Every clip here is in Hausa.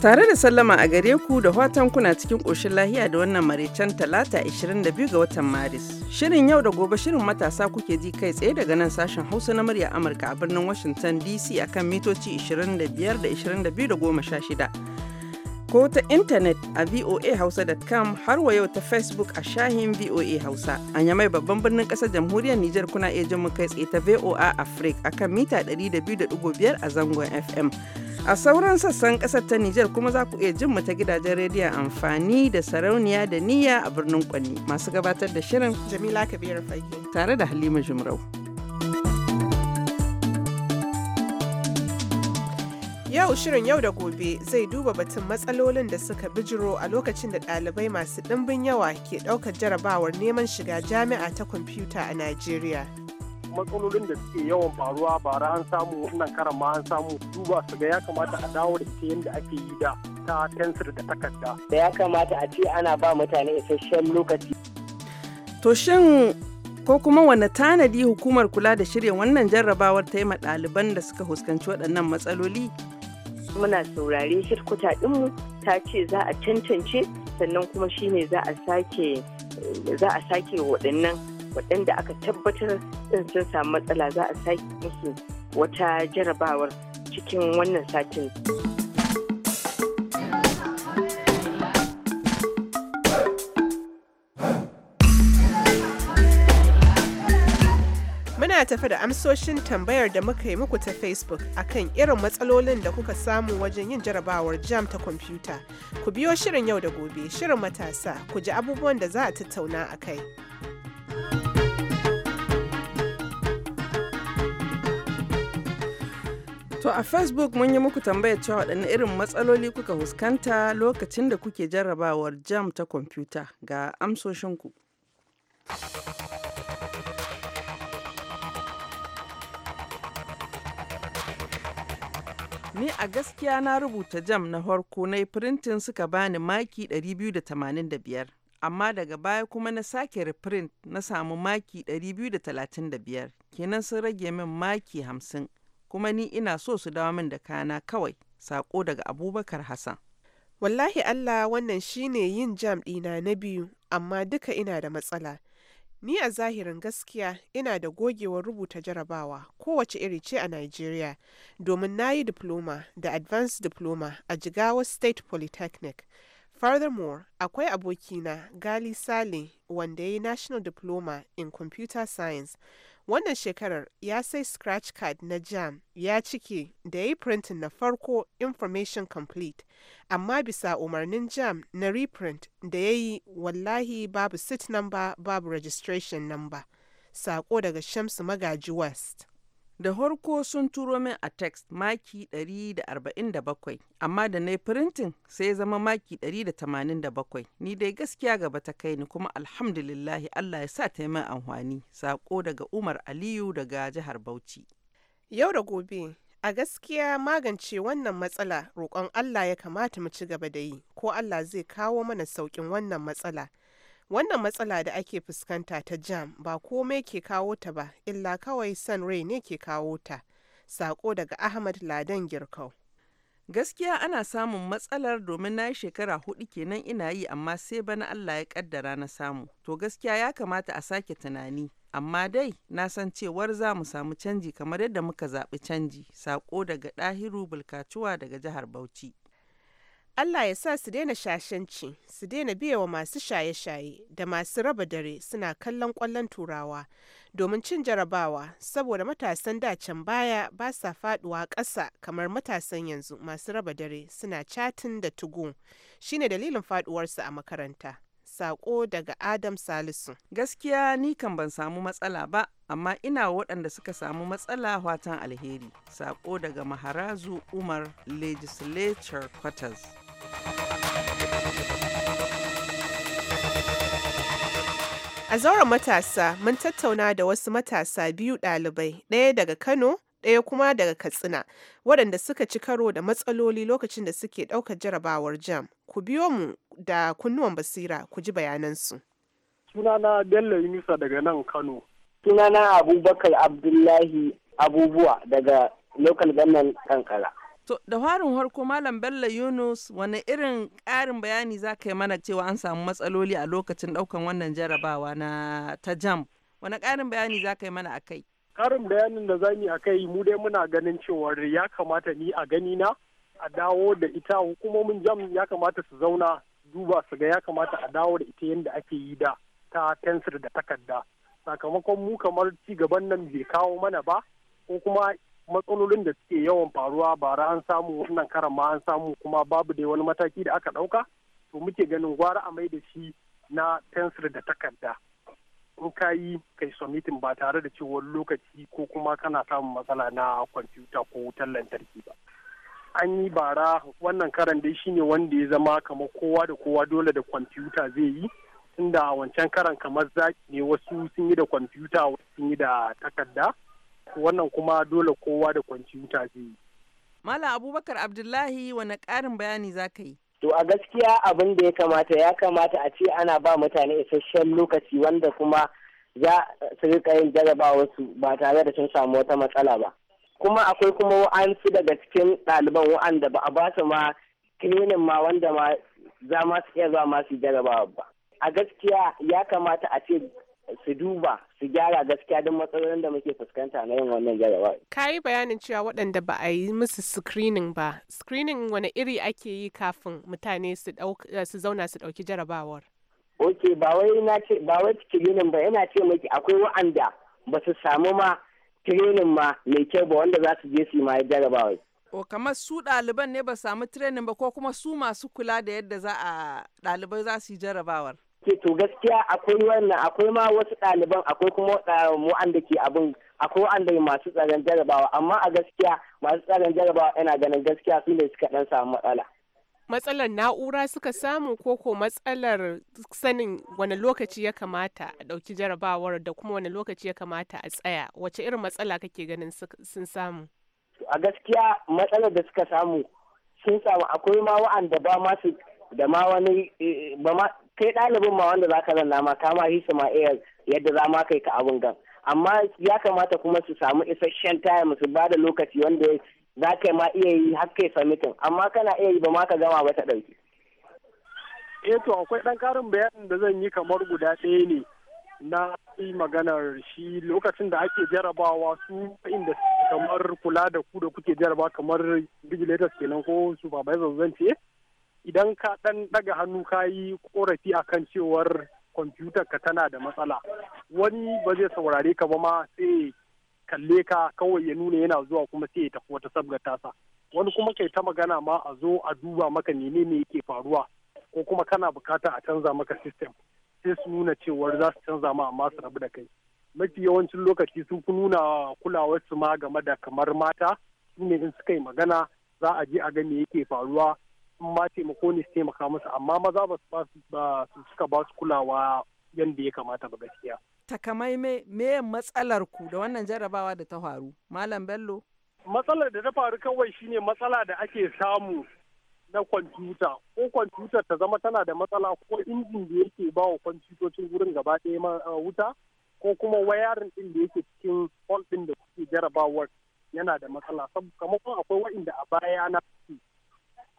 Tare da sallama a gare ku da watan kuna cikin ƙoshin lahiya da wannan maraicen talata 22 ga watan Maris. Shirin yau da gobe shirin matasa kuke ji kai tsaye daga nan sashen Hausa na murya Amurka a birnin Washington DC akan mitoci 25 da 22 da ko ta intanet a voahausa.com har wa yau ta facebook a shahin voa hausa a yamai babban birnin kasar jamhuriyar nijar kuna iya jin kai tsaye ta voa africa akan mita 200.5 a zangon fm a sauran sassan kasar ta nijar kuma za ku iya jin mu ta gidajen rediyon amfani da sarauniya da niyya a birnin kwanni masu gabatar da shirin jamila kabiru fage tare da halima jumrau Yau shirin yau da gobe zai duba batun matsalolin da suka bijiro a lokacin da ɗalibai masu ɗimbin yawa ke ɗaukar jarabawar neman shiga jami'a ta kwamfuta a Najeriya. matsalolin da suke yawan faruwa bara an samu wannan karan ma an samu duba su ga ya kamata a dawo da ita yadda ake yi da ta tensir da takarda. Da ya kamata a ce ana ba mutane isasshen lokaci. To shin ko kuma wane tanadi hukumar kula da shirya wannan jarrabawar ta yi ɗaliban da suka fuskanci waɗannan matsaloli? muna saurare shirkuta ɗinmu ta ce za a tantance sannan kuma shine za sake za a sake waɗannan waɗanda aka tabbatar ɗin sun samu matsala za a sake musu wata jarabawar cikin wannan satin. Muna tafi da amsoshin tambayar da muka yi muku ta Facebook akan irin matsalolin da kuka samu wajen yin jarabawar jam ta kwamfuta. Ku biyo shirin yau da gobe, shirin matasa, ku ji abubuwan da za a tattauna a kai. To a Facebook mun yi muku tambaya cewa waɗanne irin matsaloli kuka huskanta lokacin da kuke jarabawar jam ta kwamfuta ga amsoshinku. Ni a gaskiya na rubuta jam na farko na printin suka bani maki 285, amma daga baya kuma na sake reprint na samu maki 235, kenan sun rage min maki 50, kuma ni ina so su dawo min da kana kawai, sako daga Abubakar Hassan. Wallahi Allah wannan shine yin jam ɗina na biyu, amma duka ina da matsala. Ni a zahirin gaskiya ina da gogewar rubuta jarabawa kowace iri ce a Nigeria, domin na yi Diploma da Advanced Diploma a Jigawa State Polytechnic. Furthermore, akwai abokina Gali Sale wanda ya yi National Diploma in Computer Science Wannan shekarar ya sai scratch card na jam ya cike da ya yi printin na farko Information Complete, amma bisa umarnin jam na reprint da ya yi wallahi babu sit number babu registration number. Sako daga Shamsu Magaji West. Da harko sun turo min a text maki 147, amma da na yi printin sai ya zama maki 187. Ni dai gaskiya gaba ta kai ni kuma alhamdulillahi Allah ya sa ta yi amfani. Sako daga Umar Aliyu daga jihar Bauchi. Yau da gobe, a gaskiya magance wannan matsala roƙon Allah ya kamata mu ci gaba da yi, ko Allah zai kawo mana saukin wannan matsala. wannan matsala da ake fuskanta ta jam ba komai ke kawo ta ba illa kawai san rai ne ke kawo ta sako daga ahmad ladan girkau gaskiya ana samun matsalar domin na yi shekara hudu kenan ina yi amma sai bana allah ya kaddara na samu to gaskiya ya kamata a sake tunani amma dai na san cewar za mu samu canji kamar yadda muka zaɓi canji sako daga ɗahiru bulkacuwa daga jihar bauchi Allah ya sa su daina shashanci, su daina biya wa masu shaye-shaye da masu raba dare suna kallon ƙwallon turawa domin cin jarabawa saboda matasan dacen baya ba sa faduwa ƙasa kamar matasan yanzu masu raba dare suna catin da tugu shine dalilin faduwarsu a makaranta. Sako daga Adam Salisu. Gaskiya ni kan ban samu matsala ba, amma ina waɗanda suka samu matsala watan alheri. Sako daga Maharazu Umar Legislature Quarters. A zauren matasa mun tattauna da wasu matasa biyu ɗalibai, ɗaya daga Kano, ɗaya kuma daga Katsina, waɗanda suka ci karo da matsaloli lokacin da suke ɗaukar jarabawar jam. Ku biyo mu da kunnuwan basira ku ji bayanansu. Sunana Bello Yunusa daga nan Kano. Sunana Abubakar Abdullahi Abubuwa daga Local Gannan Kankara. To da farin harko Malam Bello Yunus wani irin karin bayani za ka yi mana cewa an samu matsaloli a lokacin ɗaukan wannan jarabawa na ta jam. Wani karin bayani za ka yi mana akai kai? Ƙarin bayanin da zan yi akai mu dai muna ganin cewa ya kamata ni a gani na a dawo da ita hukumomin jam ya kamata su zauna duba su ga ya kamata a dawo da ita yadda ake yi da ta fensir da takarda. Sakamakon mu kamar ci gaban nan bai kawo mana ba ko kuma matsalolin da suke yawan faruwa bara an samu wannan karan ma an samu kuma babu dai wani mataki da aka ɗauka to muke ganin gwara a mai da shi na fensir da takarda in ka yi kai submitting ba tare da cewa lokaci ko kuma kana samun matsala na kwamfuta ko wutar lantarki ba an yi bara wannan karan dai shine wanda ya zama kamar kowa da kowa dole da kwamfuta zai yi tunda wancan karan kamar zaki ne wasu sun yi da kwamfuta wasu sun yi da takarda wannan kuma dole kowa da kwamfuta zai yi. Malam Abubakar Abdullahi wani ƙarin bayani za ka yi? To a gaskiya abin da ya kamata ya kamata a ce ana ba mutane isasshen lokaci wanda kuma za su rika yin wasu ba tare da sun samu wata matsala ba. Kuma akwai kuma wa'ansu daga cikin ɗaliban wa'anda ba a ba su ma kirinin ma wanda ma za ma su iya zuwa ma su jarabawa ba. A gaskiya ya kamata a ce su duba su gyara gaskiya don matsalolin da muke fuskanta na yin wannan jarabawa. Ka yi bayanin cewa waɗanda ba a yi musu screening ba, screening wani iri ake yi kafin mutane su zauna su ɗauki jarabawar? Ok, ba wai na ce ba screening ba yana ce maki akwai wa'anda ba su samu ma training ma mai kyau ba wanda za su je su yi ma jarabawar. O kamar su ɗaliban ne ba samu training ba ko kuma su masu kula da yadda za a ɗalibai za su yi jarabawar. ke to gaskiya akwai wannan akwai ma wasu ɗaliban akwai kuma wanda ke abin akwai wanda masu tsaron jarabawa amma a gaskiya masu tsaron jarabawa yana ganin gaskiya su ne suka ɗan samu matsala. Matsalar na'ura suka samu ko ko matsalar sanin wani lokaci ya kamata a ɗauki jarabawar da kuma wani lokaci ya kamata a tsaya wace irin matsala kake ganin sun samu? A gaskiya matsalar da suka samu sun samu akwai ma wa'anda ba masu da ma wani eh, kai ɗalibin ma wanda zaka zanna ma ka ma hisa ma iya yadda za ma kai ka abun gan amma ya kamata kuma su samu isasshen taya su ba da lokaci wanda za ka ma iya yi har kai samitin amma kana iya yi ba ma ka gama ba ta ɗauki. eh to akwai ɗan karin bayanin da zan yi kamar guda ɗaya ne na yi maganar shi lokacin da ake jarabawa su inda kamar kula da ku da kuke jaraba kamar vigilators kenan ko supervisors zan ce idan ka ɗan ɗaga hannu ka yi ƙorafi kan cewar kwamfutar ka tana da matsala wani ba zai saurare ka ba ma sai kalle ka kawai ya nuna yana zuwa kuma sai ya tafi wata sabgar tasa wani kuma kai ta magana ma a zo a duba maka menene ne yake faruwa ko kuma kana bukata a canza maka system sai su nuna cewar za su canza ma amma su rabu da kai mafi yawancin lokaci sun fi nuna su ma game da kamar mata su ne in suka yi magana za a je a ga me yake faruwa ma taimako ne su taimaka musu amma maza ba su suka ba su kulawa yadda ya kamata ba gaskiya takamaime me matsalar ku da wannan jarabawa da ta faru malam bello matsalar da ta faru kawai shine matsala da ake samu na kwamfuta ko kwamfutar ta zama tana da matsala ko injin da yake ba wa kwamfutocin wurin gaba ɗaya wuta ko kuma wayarin ɗin da yake cikin hall ɗin da kuke jarabawar yana da matsala sakamakon akwai wa'inda a baya na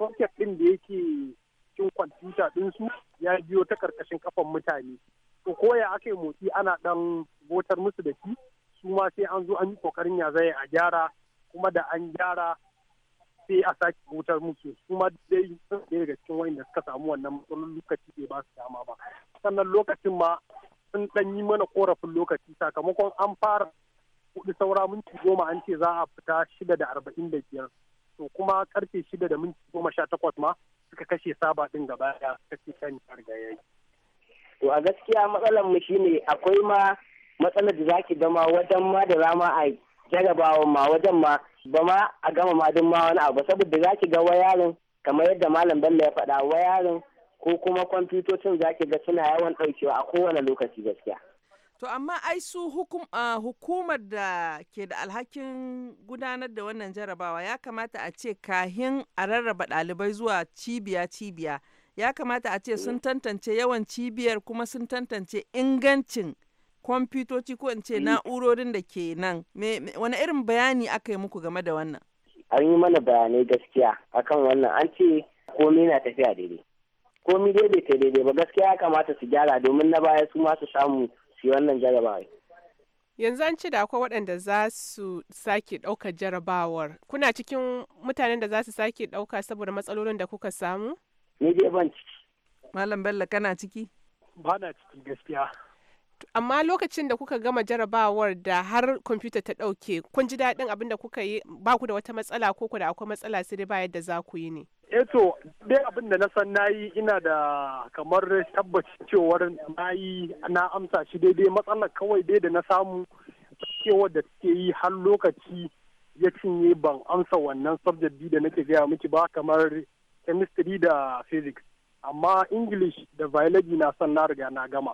socket ɗin da yake cikin kwamfuta su ya biyo ta karkashin kafan mutane to koya aka yi motsi ana ɗan botar musu da shi su ma sai an zo an yi kokarin ya zai a gyara kuma da an gyara sai a sake botar musu su ma dai sun ɗaya daga cikin wanda suka samu wannan matsalolin lokaci bai ba su dama ba sannan lokacin ma sun ɗan yi mana korafin lokaci sakamakon an fara kuɗi saura minti goma an ce za a fita shida da arba'in da biyar to kuma karfe shida da minti goma sha takwas ma suka kashe saba din gaba da kashe kan yi. To a gaskiya matsalar mu shine akwai ma matsalar da zaki zama wajen ma da rama a jarabawa ma wajen ma ba ma a gama ma duk ma wani abu saboda zaki ga wayarin kamar yadda malam Bello ya faɗa wayarin ko kuma kwamfutocin zaki ga suna yawan ɗaukewa a kowane lokaci gaskiya. To amma ai su hukum, uh, hukumar da ke da alhakin gudanar da wannan jarabawa ya kamata a ce kahin a rarraba ɗalibai zuwa cibiya-cibiya ya kamata a ce sun mm. tantance yawan cibiyar kuma sun tantance ingancin kwamfutoci ko in ce mm. na'urorin da ke nan wani irin bayani aka yi muku game da wannan an yi mana bayanai gaskiya akan wannan an ce komi na tafiya daidai komi daidai ta daidai ba gaskiya ya kamata su gyara domin na baya su ma su samu wannan jarabawa yanzu an ce da akwai waɗanda za su sake ɗaukar jarabawar kuna cikin mutanen da za su sake ɗauka saboda matsalolin da kuka samu ni dai ban ciki malam bello kana ciki ba na ciki gaskiya amma lokacin da kuka gama jarabawar da har kwamfuta ta ɗauke kun ji daɗin abin da kuka yi ba ku da wata matsala ko ku da akwai matsala sai dai ba yadda za ku yi ne eto eh, dai abin da na san nayi ina da kamar tabbacin cewar nayi na amsa shi daidai matsalar kawai dai da na samu cewar da take yi har lokaci ya cinye ban amsa wannan subject da nake gaya miki ba kamar chemistry da physics amma english da biology na san na riga na gama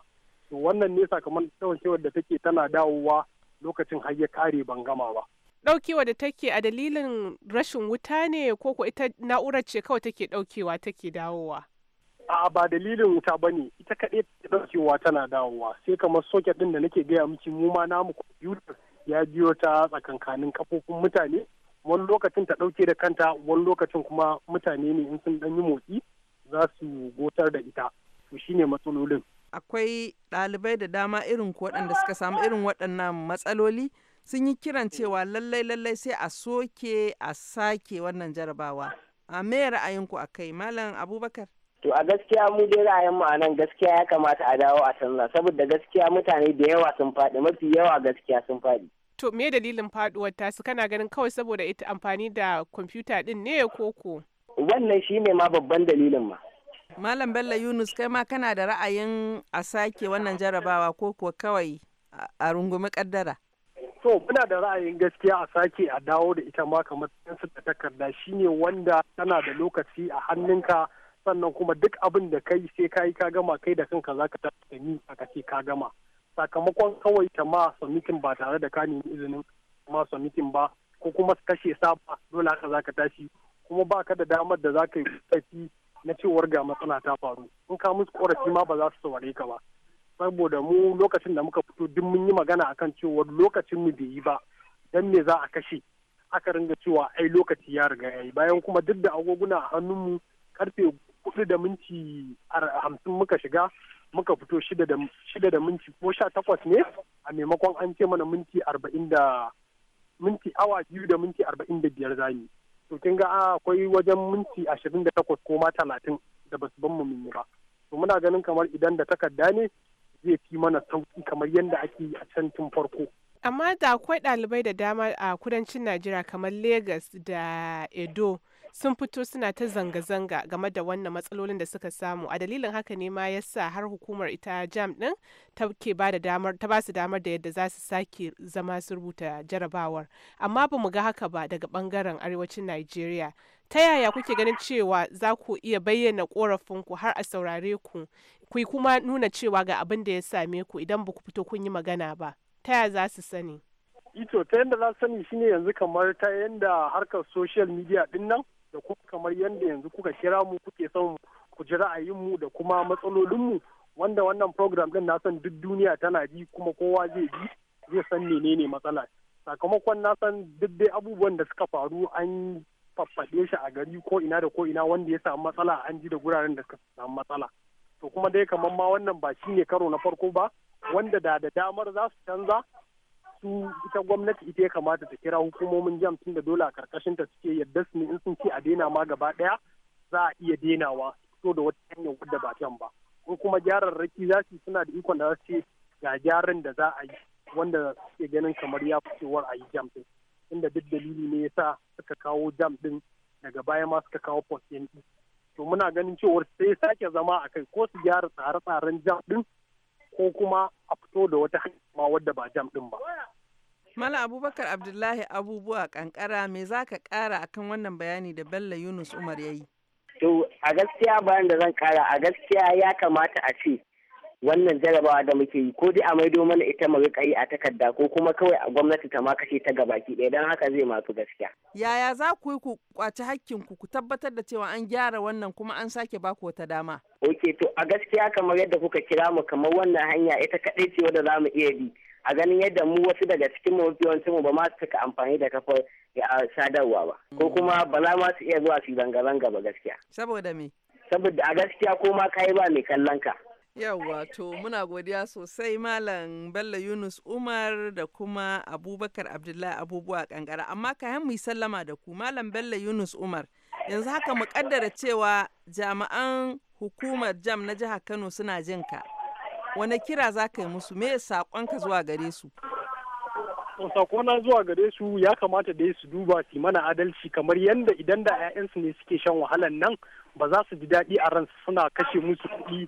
to wannan ne sakamakon cewar da take tana dawowa lokacin har ya kare ban gama ba daukewa da take a dalilin rashin wuta ne ko ko ita na'urar ce kawai take daukewa take dawowa? A'a ba dalilin wuta ba ne ita kaɗai take ɗaukewa tana dawowa sai kamar soket ɗin da nake gaya miki mu ma namu kwamfutar ya biyo ta tsakankanin kafofin mutane wani lokacin ta dauke da kanta wani lokacin kuma mutane ne in sun ɗan yi motsi za su gotar da ita to shine matsalolin. Akwai ɗalibai da dama irin waɗanda suka samu irin waɗannan matsaloli. sun yi kiran mm. cewa lallai lallai sai a soke a sake wannan jarabawa a me ra'ayinku a kai malam abubakar to a gaskiya mu dai ra'ayin mu anan gaskiya ya kamata a dawo a canza saboda gaskiya mutane da yawa sun faɗi mafi yawa gaskiya sun faɗi to me dalilin faduwar tasu kana ganin kawai saboda ita amfani da kwamfuta din ne koko wannan shine ma babban dalilin ma Malam Bello Yunus kai ma kana da ra'ayin a sake wannan jarabawa ko kuwa kawai a rungumi kaddara. so muna da ra'ayin gaskiya a sake a dawo da ita ma kamar su da takarda shine wanda tana da lokaci a hannunka sannan kuma duk abin da kai sai ka yi ka gama kai da kanka za ka tafi a ce ka gama sakamakon kawai ta ma submitting ba tare da ka nemi izinin ma submitting ba ko kuma su kashe saba dole haka za ka tashi kuma ba ka da damar da za ka yi na cewar ga matsala ta faru in ka musu korafi ma ba za su saurare ka ba saboda mu lokacin da muka fito duk mun yi magana akan cewa lokacin mu bai yi ba dan me za a kashe aka ringa cewa ai lokaci ya riga yayi bayan kuma duk da agoguna a hannunmu karfe hudu da minti hamsin muka shiga muka fito shida da minti ko sha takwas ne a maimakon an ce mana minti arba'in da minti awa biyu da minti arba'in da biyar zami to kin ga akwai wajen minti ashirin da takwas ko ma talatin da basu ban mu yi ba to muna ganin kamar idan da takarda ne zai fi mana sauki kamar yadda ake yi a can tun farko. Amma da akwai ɗalibai da dama a kudancin Najeriya kamar Legas da Edo sun fito suna ta zanga-zanga game da wannan matsalolin da suka samu a dalilin haka ne ma ya sa har hukumar ita jam din ta ke ba da damar su damar da yadda za su sake zama su rubuta jarabawar amma ba mu ga haka ba daga bangaren arewacin nigeria ta yaya kuke ganin cewa za ku iya bayyana korafinku har a saurare ku ku kuma nuna cewa ga abin da ya same ku idan ba ku fito kun yi magana ba ta yaya za su sani ito ta yadda za su sani shine yanzu kamar ta yadda harkar social media din nan da kuma kamar yadda yanzu kuka kira mu kuke son ku ji mu da kuma matsalolinmu wanda wannan program din na san duk duniya tana ji kuma kowa zai ji zai san menene matsala sakamakon na san duk dai abubuwan da suka faru an faffaɗe shi a gari ko ina da ko ina wanda ya samu matsala an ji da guraren da suka samu matsala to kuma dai kamar ma wannan ba shine karo na farko ba wanda da da damar za su canza su ita gwamnati ita ya kamata ta kira hukumomin jam tun da dole a karkashin ta suke yadda su ne in sun ce a daina ma gaba daya za a iya denawa fito da wata hanyar wadda ba can ba ko kuma gyararraki za su suna da ikon da za su ga gyaran da za a yi wanda suke ganin kamar ya fi cewar a yi jam din inda duk dalili ne ya sa suka kawo jam din daga baya ma suka kawo post to muna ganin cewar sai sake zama a kai ko su gyara tsare-tsaren jam din ko kuma a fito da wata hanya wadda ba jam din ba. Mala Abubakar Abdullahi abubuwa kankara me za ka kara akan wannan bayani da Bello Yunus Umar ya yi? To a gaskiya bayan da zan kara a gaskiya ya kamata a ce wannan jarabawa da muke yi ko dai a maido mana ita mu rika yi a takarda ko kuma kawai a gwamnati ta ma kashe ta gabaki ɗaya don haka zai masu gaskiya. yaya za ku yi ku kwaci hakkinku ku Ku tabbatar da cewa an gyara wannan kuma an sake baku wata dama ok to a gaskiya kamar yadda kuka kira mu kamar wannan hanya ita kaɗai ce wadda za mu iya bi a ganin yadda mu wasu daga cikin mu yawancin mu ba ma su cika amfani da kafar sadarwa ba ko mm. kuma ba za ma su iya zuwa su zanga-zanga ba gaskiya saboda me saboda a gaskiya ko ma ka yi ba mai kallon ka Yawwa to muna godiya sosai Malam Bello Yunus Umar da kuma Abubakar Abdullahi abubuwa kankara amma kayan mai sallama da ku Malam Bello Yunus Umar yanzu haka mu kaddara cewa jami'an hukumar jam na jihar Kano suna jin ka wani kira za ka yi musu me saƙonka zuwa gare su sakona zuwa gare su ya kamata da su duba su mana adalci kamar yadda idan da 'ya'yansu ne suke shan wahalan nan ba za su ji daɗi a ransu suna kashe musu kuɗi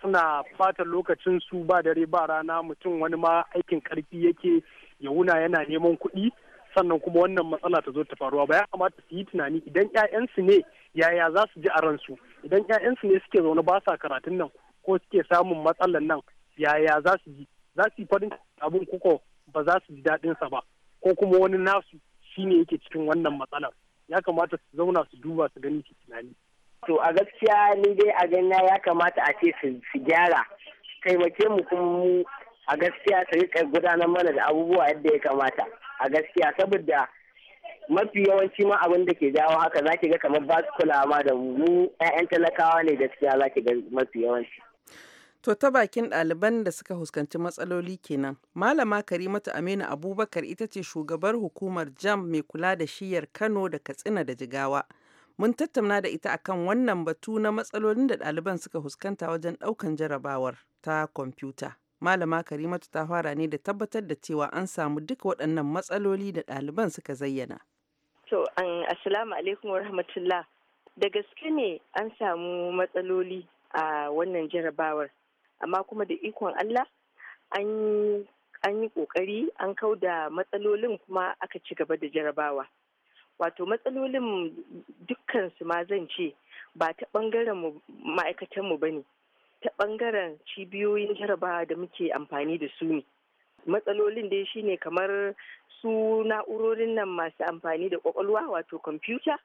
suna fata lokacin su ba dare ba rana mutum wani ma aikin karfi yake ya wuna yana neman kuɗi sannan kuma wannan matsala ta zo ta faruwa ba ya kamata su yi tunani idan 'ya'yansu ne yaya za su ji a ransu idan 'ya'yansu ne suke zaune ba sa karatun nan ko suke samun matsalar nan yaya za su ji za su yi farin abin kuko ba za su ji sa ba ko kuma wani nasu shine yake cikin wannan matsalar ya kamata su zauna su duba su gani su tunani to a gaskiya ni dai a ganya ya kamata a ce su gyara taimake mu kuma mu a gaskiya su rika gudanar mana da abubuwa yadda ya kamata a gaskiya saboda mafi yawanci ma abin da ke jawo haka za ki ga kamar ba su kula ma da mu 'ya'yan talakawa ne gaskiya za ki ga mafi yawanci. To ta bakin ɗaliban da suka huskanci matsaloli kenan. Malama Karimatu Aminu Abubakar ita ce shugabar hukumar JAM mai kula da shiyar Kano da Katsina da Jigawa. Mun tattauna da ita akan wannan batu na matsalolin da ɗaliban suka fuskanta wajen ɗaukan jarabawar ta kwamfuta. Malama Karimatu ta fara ne da tabbatar da cewa an samu duka waɗannan matsaloli da ɗaliban suka zayyana. To, an assalamu alaikum wa rahmatullah. Da gaske ne an samu matsaloli a wannan jarabawar, amma kuma da ikon Allah an yi ƙoƙari an kau da matsalolin kuma aka ci gaba da jarabawa. wato matsalolin dukkan su ma zan ce ba ta bangaren ma'aikatanmu ba ne ta bangaren cibiyoyin jarabawa da muke amfani da su ne matsalolin dai shine kamar su na'urorin nan masu amfani da kwakwalwa wato kwamfuta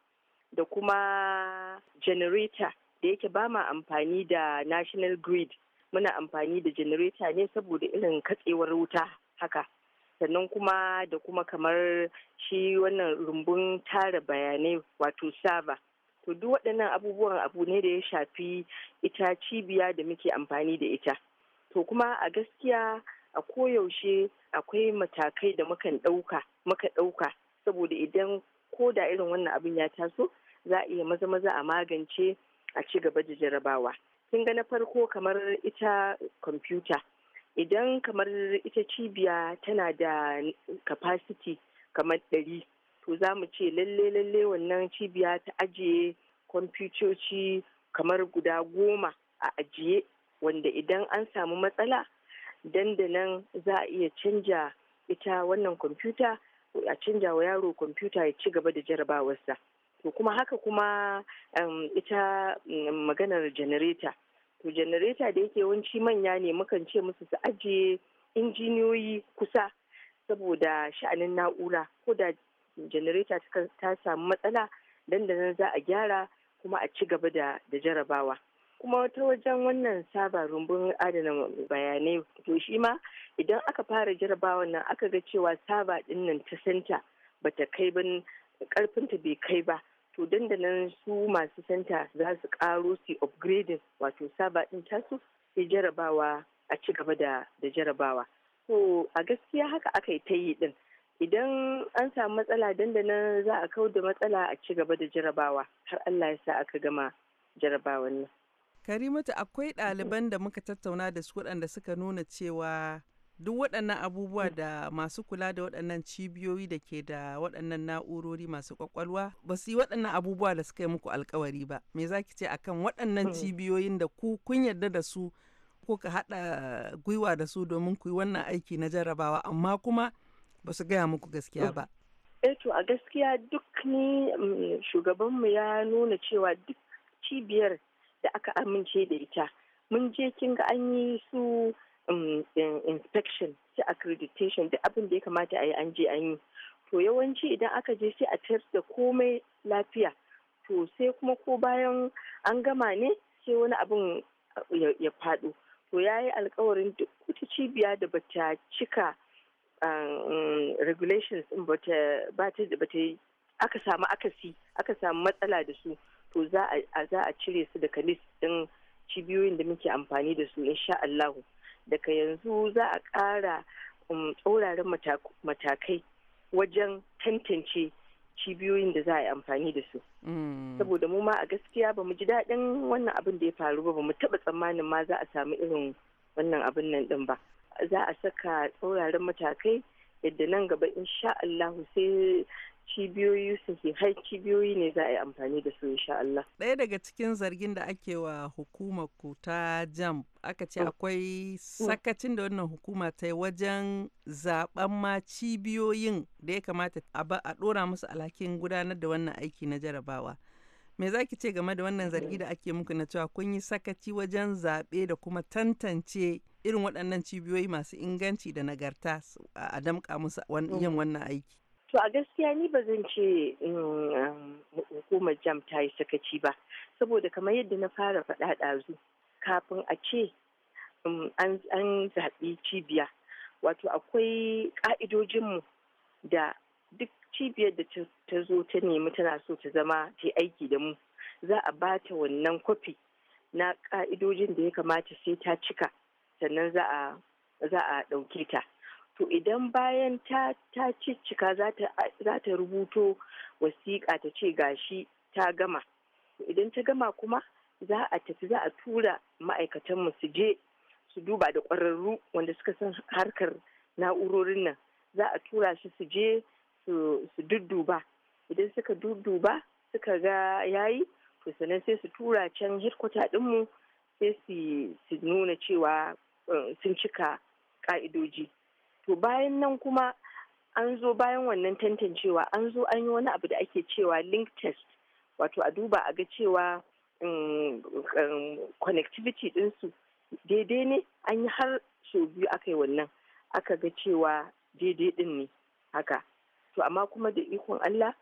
da kuma janareta da yake ba ma amfani da national grid muna amfani da janareta ne saboda irin katsewar wuta haka sannan kuma da kuma kamar shi wannan rumbun tara bayanai wato saba to duk waɗannan abubuwan abu ne da ya shafi ita cibiya da muke amfani da ita to kuma a gaskiya a koyaushe akwai matakai da mukan ɗauka muka ɗauka saboda idan ko da irin wannan abin ya taso za a iya maza maza a magance a ci gaba da jarabawa kin ga na farko kamar ita kwamfuta idan kamar ita cibiya tana da capacity kamar ɗari to za mu ce lalle lalle wannan cibiya ta ajiye kwamfutoci kamar guda goma a ajiye wanda idan an samu matsala dandanan za a iya canja ita wannan kwamfuta a canja wa yaro kwamfuta ya ci gaba da jarabawarsa to kuma haka kuma um, ita mm, maganar janareta to janareta da yake yawanci manya ne mukan ce musu su ajiye injiniyoyi kusa saboda sha'anin na'ura ko da janareta ta samu matsala dandanan za a gyara kuma a ci gaba da jarabawa kuma ta wajen wannan saba rumbun adana bayanai to shi ma idan aka fara jarabawan nan aka ga cewa saba dinnan ta santa bata kai ba karfinta bai kai ba to dandanan su masu santa za su karo su upgrading wato saba din tasu sai jarabawa a ci gaba da jarabawa to a gaskiya haka aka yi ta yi din idan an samu matsala dandanan za a kau da matsala a ci gaba da jarabawa har Allah ya sa aka gama jarabawan nan Karimatu akwai ɗaliban da muka tattauna da su waɗanda suka nuna cewa duk waɗannan abubuwa mm. da masu kula da waɗannan cibiyoyi da ke da waɗannan na'urori masu ƙwaƙwalwa ba su yi waɗannan abubuwa da suka yi muku alkawari ba me za ki ce akan waɗannan hmm. cibiyoyin da ku kun yarda da su ko ka haɗa gwiwa da su domin ku yi wannan aiki na jarrabawa amma kuma ba su gaya muku gaskiya ba. Eh to a gaskiya duk ni mm, shugabanmu ya nuna cewa duk cibiyar da aka amince da ita mun je kin ga an yi su Um, inspection ta accreditation duk abin da ya kamata a yi an je an yi to yawanci idan aka je sai a test da komai lafiya to sai kuma ko bayan an gama ne sai wani abin uh, ya faɗo to ya yi alkawarin duk wata cibiya da bata cika um, regulations din bata aka samu akasi aka samu matsala da su to za a cire su daga list din cibiyoyin da muke amfani da su insha Allahu. daga yanzu za a ƙara um, tsauraran matakai wajen tantance cibiyoyin da za a yi amfani da su. Mm. Saboda mu ma a gaskiya ba mu ji daɗin wannan abin da ya faru ba ba mu taɓa tsammanin ma za a samu irin wannan abin nan ɗin ba. Za a saka tsauraran matakai yadda nan gaba insha Allah sai cibiyoyi su sahihai cibiyoyi ne za a yi amfani da su insha Allah. Ɗaya daga cikin zargin da ake wa hukumar ku ta jam aka ce mm. akwai mm. sakacin da wannan hukuma ta yi wajen zaben ma cibiyoyin da ya kamata a ɗora musu alhakin gudanar da wannan aiki na jarabawa. Me za ki ce game da wannan zargi da ake muku na cewa kun yi sakaci wajen zaɓe da kuma tantance irin waɗannan cibiyoyi masu inganci da nagarta a damƙa musu mm. yin wannan aiki? to a gaskiya ni ba zan ce mm, mm, hukumar jam ta yi sakaci ba saboda kamar yadda na fara faɗa ɗazu kafin a ce mm, an zaɓi cibiya wato akwai ƙa'idojinmu da duk cibiyar da ta zo ta nemi tana so ta zama ta aiki da mu za a ba ta wannan kwafi na ƙa'idojin da ya kamata sai ta cika sannan za a ɗauke ta to idan bayan ta ta ciccika za ta rubuto wasiƙa ta ce gashi ta gama to idan ta gama kuma za a tafi za a tura ma'aikatanmu su je su duba da ƙwararru wanda suka san harkar na'urorin nan za a tura shi su je su dudduba idan suka dudduba suka ga yayi to sannan sai su tura can hirkwata mu sai su nuna cewa eh, sun cika ƙa'idoji to bayan nan kuma an zo bayan wannan tantancewa an zo an yi wani abu da ake cewa link test wato a duba a ga cewa um, um, connectivity ɗinsu daidai ne an yi har sau biyu aka yi wannan aka ga cewa daidai ɗin ne haka to amma kuma da ikon Allah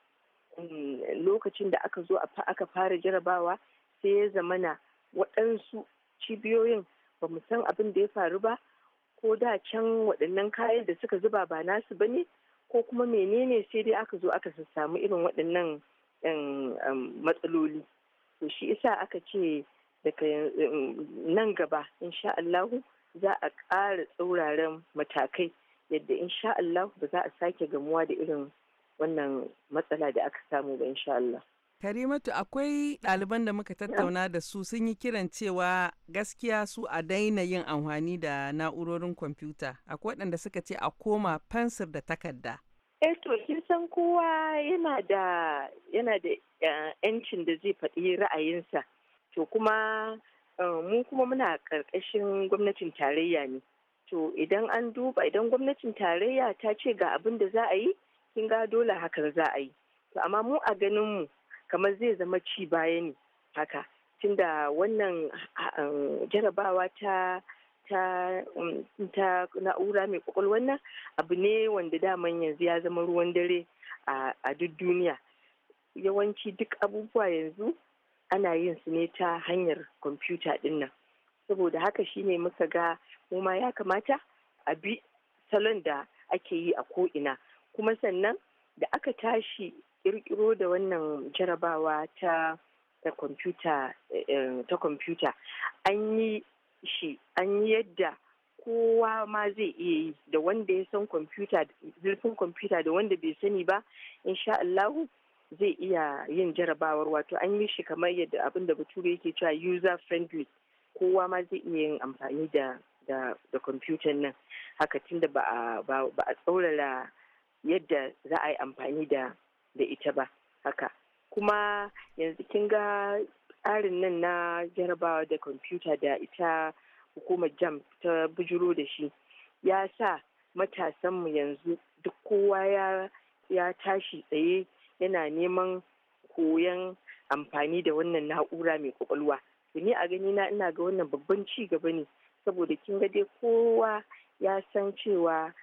um, lokacin da aka zo aka fara jarabawa sai ya zamana waɗansu cibiyoyin ba san abin da ya faru ba ko da can waɗannan kayan da suka zuba ba nasu ba ne ko kuma menene sai dai aka zo aka samu irin waɗannan um, um, matsaloli to shi isa aka ce daga um, nan gaba insha Allahu za a ƙara tsauraran matakai yadda insha Allahu ba za a sake gamuwa da irin wannan matsala da aka samu ba insha Allah. Karimatu akwai ɗaliban da muka tattauna da su sun yi kiran cewa gaskiya su a daina yin amfani da na'urorin kwamfuta. Akwai waɗanda suka ce a koma fansir da takarda. Eh to kin san kowa yana da yana eh, yancin da zai faɗi ra'ayinsa. To kuma eh, mu kuma muna ƙarƙashin gwamnatin tarayya ne. To idan an duba idan gwamnatin tarayya ta ce ga abin da za a yi, kin ga dole hakan za a yi. To amma mu a ganin mu kamar zai zama ci baya ne haka tunda wannan um, jarabawa ta ta um, na'ura mai kwakwalwar nan abu ne wanda daman yanzu ya zama ruwan dare a duk duniya yawanci duk abubuwa yanzu ana yin su ne ta hanyar kwamfuta din saboda haka shine muka ga kuma ya kamata a bi salon da ake yi a ko'ina kuma sannan da aka tashi kirkiro da wannan jarabawa ta eh, ta kwamfuta an yi shi an yi yadda kowa ma zai iya yi da wanda ya san kwamfuta zurfin kwamfuta da wanda bai sani ba insha Allahu zai iya yin jarabawar wato an yi shi kamar yadda abin da bature yake cewa user friendly kowa ma zai iya yin amfani da da kwamfutan nan haka tunda ba a tsaurara yadda za a yi amfani da da ita ba haka kuma yanzu kin ga tsarin nan na jarabawa da kwamfuta da ita hukumar jam ta bujuro da shi ya sa matasanmu yanzu duk kowa ya tashi tsaye yana neman koyon amfani da wannan na'ura mai kwakwalwa ni a gani na ina ga wannan babban ci gaba ne saboda kin ga dai kowa ya san cewa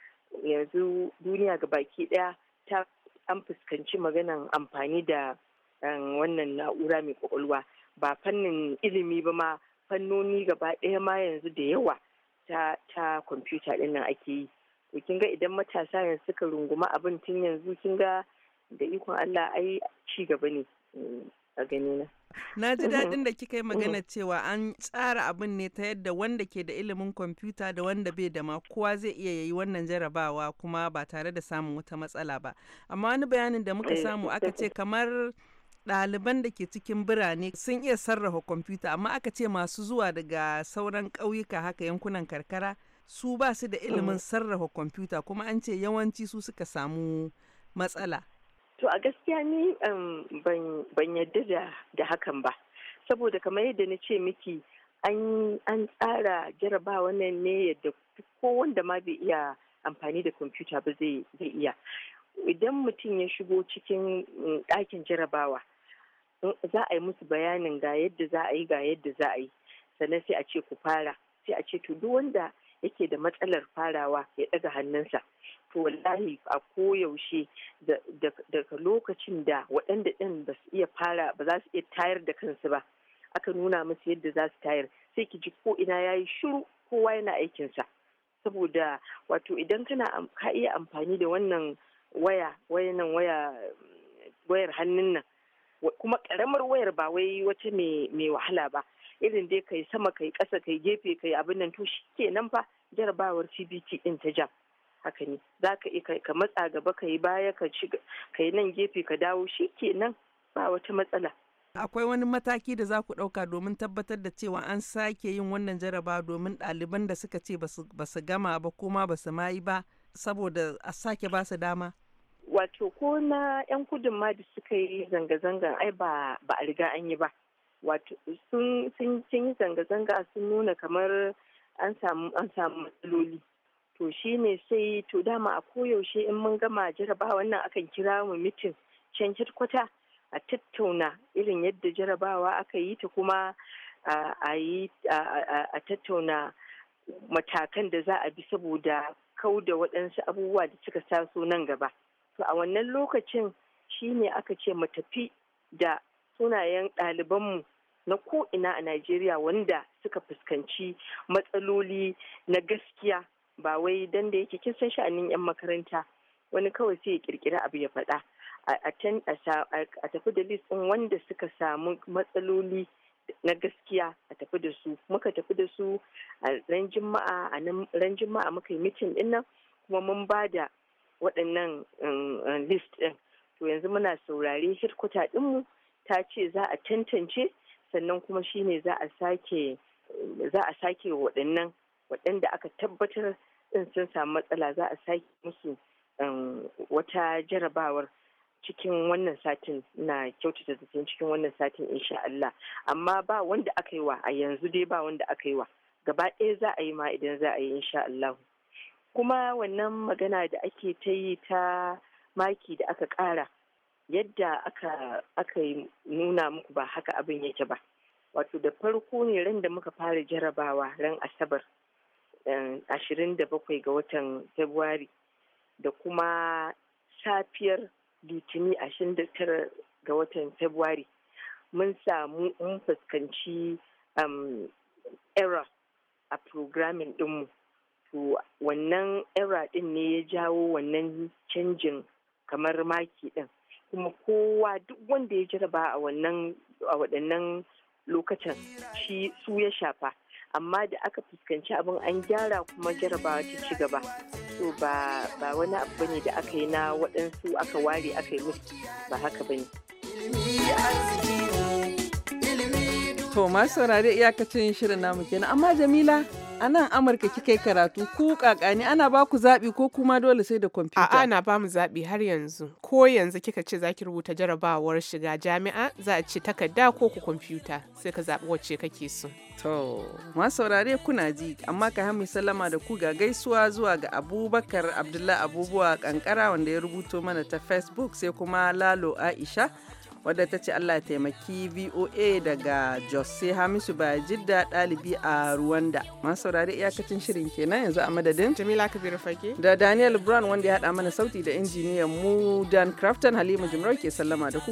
yanzu duniya ga baki daya ta an fuskanci maganan amfani da um, wannan na'ura mai kwakwalwa ba fannin ilimi ba ma fannoni gaba ɗaya ma yanzu da yawa ta kwamfuta ɗin nan ake yi to kin ga idan matasa yanzu suka runguma abin tun yanzu kin ga da ikon Allah ai ci gaba ne mm, a ganina. Na ji mm-hmm. daɗin da kika yi mm-hmm. magana cewa an tsara abin ne ta yadda wanda ke da ilimin kwamfuta da wanda bai da ma kowa zai iya yi wannan jarabawa kuma ba tare da samun wata matsala ba. Amma wani bayanin da muka eh, samu aka ce mm-hmm. kamar ɗaliban da ke cikin birane sun iya sarrafa kwamfuta amma aka ce masu zuwa daga sauran ƙauyuka haka yankunan karkara su ba su da ilimin sarrafa kwamfuta kuma an ce yawanci su suka samu matsala. To a gaskiya ni um, ban yadda da hakan ba. Saboda kamar yadda na ce miki an tsara jarabawa nan ne yadda ko wanda ma bai iya amfani da kwamfuta ba zai iya. Idan mutum ya shigo cikin um, ɗakin jarabawa, um, za a yi musu bayanin ga yadda za a yi ga yadda za a yi. Sannan sai a ce ku fara, sai a ce to duk wanda yake da matsalar farawa ya ɗaga hannunsa. to wallahi a koyaushe daga lokacin da waɗanda ɗin ba su iya fara ba za su iya tayar da kansu ba aka nuna musu yadda za su tayar sai ki ji ko ina ya yi shiru kowa yana aikinsa saboda wato idan kana ka iya amfani da wannan waya wayannan waya wayar hannun nan kuma karamar wayar ba wai wata mai wahala ba irin dai kai sama kai kasa kai gefe kai abin nan to shi kenan fa jarabawar cbt din ta jam haka ne za ka ka matsa gaba ka yi baya ka yi nan gefe ka dawo shi ke nan ba wata matsala akwai wani mataki da za ku ɗauka domin tabbatar da cewa an sake yin wannan jaraba domin ɗaliban da suka ce ba su gama ba kuma ba su mayi ba saboda a sake ba su dama wato ko na 'yan kudin ma da suka yi zanga-zangan ai ba a riga an yi ba wato sun yi zanga-zanga sun nuna kamar an samu matsaloli to shi ne sai to dama a koyaushe in mun gama jarabawa nan akan kira mu mitin can kwata a tattauna irin yadda jarabawa aka yi ta kuma a yi a tattauna matakan da za a bi saboda kau da waɗansu abubuwa da suka taso nan gaba to a wannan lokacin shi ne aka ce mu tafi da sunayen ɗalibanmu na ko'ina a Najeriya wanda suka fuskanci matsaloli na gaskiya ba wai dan da yake kin san sha'anin yan makaranta wani kawai sai ya kirkira abu ya faɗa a tafi da list ɗin wanda suka samu matsaloli na gaskiya a tafi da su muka tafi da su a ran juma'a a ran juma'a muka yi mitin din nan kuma mun ba da waɗannan um, um, list ɗin to yanzu muna saurare hirkuta ɗinmu ta ce za a tantance sannan kuma shine za a sake za a sake waɗannan waɗanda aka tabbatar sun samu matsala za a sake musu um, wata jarabawar cikin wannan satin na kyautata zaton cikin wannan satin insha Allah amma ba wanda aka yi wa a yanzu dai ba wanda aka yi wa gaba ɗaya za a yi ma idan za a yi insha Allah kuma wannan magana da ake ta yi ta maki da aka ƙara yadda aka aka nuna muku ba haka abin yake ba wato da farko ne ran da muka fara jarabawa ran asabar Um, ashirin da bakwai ga watan Fabrairu da kuma safiyar litini ashirin da tara ga watan Fabrairu mun samu mun fuskanci um, error a programming ɗinmu. To wannan error din ne ya jawo wannan canjin kamar maki din Kuma kowa duk wanda ya jaraba a wannan a waɗannan lokacin shi su ya shafa. amma da aka fuskanci abin an gyara kuma jarabawa ta ci gaba so ba wani abu bane da aka yi na waɗansu aka ware aka yi musu ba haka ba ne. to masu saurari iyakacin shirin namu kenan amma jamila a nan amurka kika yi karatu ku kakani ana ba ku zaɓi ko kuma dole sai da kwamfuta a'a na ba mu zaɓi har yanzu ko yanzu kika ce zaki rubuta jarabawar shiga jami'a za a ce takarda ko ku kwamfuta sai ka zaɓi wacce kake so To, masu saurare kuna ji, amma ka hami sallama da ku ga gaisuwa zuwa ga Abubakar Abdullahi abubuwa kankara wanda ya rubuto mana ta Facebook sai kuma Lalo Aisha wadda ta ce Allah taimaki VOA daga Jos sai Hamisu Bajidda ɗalibi a Rwanda. Masu saurare iyakacin shirin kenan yanzu a madadin. Jamila Kabiru Fage. Da Daniel Brown wanda ya haɗa mana sauti da injiniyan mu Dan Crafton Halima Jumrau ke sallama da ku.